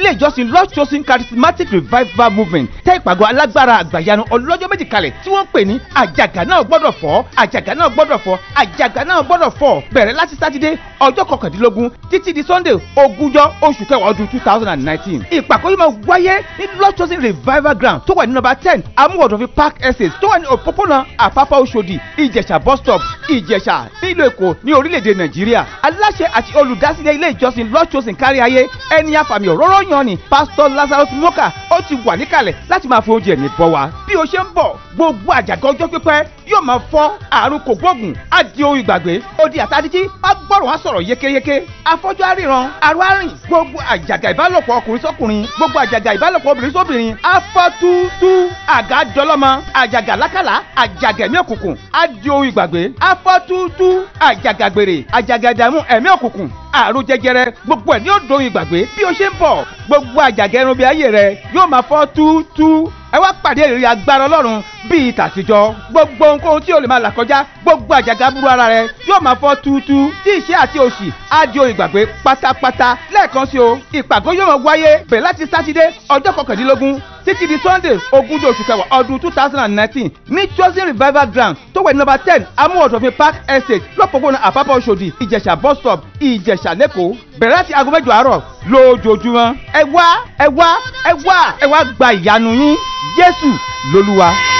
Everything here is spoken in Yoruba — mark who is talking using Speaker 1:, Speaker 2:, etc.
Speaker 1: ilé ìjọsìn Lord Chosen Charismatic Revival Movement tẹ́ ìpàgọ́ alágbára àgbàyanu ọlọ́jọ́ méjì kalẹ̀ tí wọ́n ń pè ní àjàgà náà gbọ́dọ̀ fọ́ àjàgà náà gbọ́dọ̀ fọ́ àjàgà náà gbọ́dọ̀ fọ́ bẹ̀rẹ̀ láti sátidé ọjọ́ kọkàndínlógún títí di sunday ogúnjọ́ oṣù kẹwàá ọdún 2019. thousand and nineteen ìpàkọ́ yìí máa wáyé ní Lord Chosen Revival Ground tó wà ní nọ́mbà ten amúwọ̀dọ̀fin park estate tó wà ní òpópónà àpápá Òṣòdì Ìjẹ̀ṣà bus stop ìjẹ̀ṣà nílùú èkó ní orílẹ̀-èdè nàìjíríà aláṣẹ àti olùdásílẹ̀ ilé ìjọsìn lọ́sọ̀ọ̀sìn kárí ayé ẹni àfàmì òróró yan ni pásítọ̀ lazarus moka ó ti wà níkàlẹ̀ láti máa fi oúnjẹ ní bọ́ wa. bí o ṣe ń bọ̀ gbogbo àjàgà ọjọ́ pípẹ́ yóò máa fọ́ àrùn kògbóògùn á di ohun ìgbàgbé odi àtàdíjí á gbọ́rọ̀ wá sọ̀rọ̀ yékéyéké afọ́jú àríran àrùn àrìn gbogbo àjàgà ìbálòpọ̀ ọkùnrin sọ́kùnrin gbogbo àjàgà ìbálòpọ̀ obìnrin sóbìnrin á fọ́ túútúú àgàdọ́lọ́mọ àjàgà lákàlà àjàgà ẹ̀mí òkùnkùn á di ohun ìgbàgbé á apátútú àjàgàgbèrè àjàgàdàmú ẹ̀mí òkùnkùn àrùn jẹjẹrẹ gbogbo ẹ̀ ní òdo ìgbàgbé bí o ṣe ń bọ̀ gbogbo àjàgẹrun bí ayé rẹ yóò máa fọ́ túútú ẹ wá pàdé ìrírí agbára ọlọ́run bíi tàtijọ́ gbogbo ohunkóhun tí o lè máa là kọjá gbogbo àjàgà burú ara rẹ yóò máa fọ́ túútú tí ìṣẹ́ àti òṣì á di ohun ìgbàgbé pátápátá lẹ́ẹ̀kan sí o ìpàgọ́ yóò máa wáyé bẹ̀rẹ̀ láti sátidé ọjọ́ kọkàndínlógún títí di sunday ogúnjọ́ oṣù kẹwàá ọdún two thousand and nineteen ní chosen revival ground tó wẹ̀ nọ́mbà ten amúhọ̀dọ̀fin park estate lọ́pọ̀gbọ́nà àpapọ̀ ọ̀ṣọ́dì ìjẹ̀ṣà bus stop ìjẹ̀ṣà lẹ́kọ̀ọ́ bẹ̀rẹ̀ láti aago mẹ́jọ àárọ̀ lójoojúmọ́ ẹ wá ẹ wá ẹ wá ẹ wá gba ìyanu yín jésù lolúwa.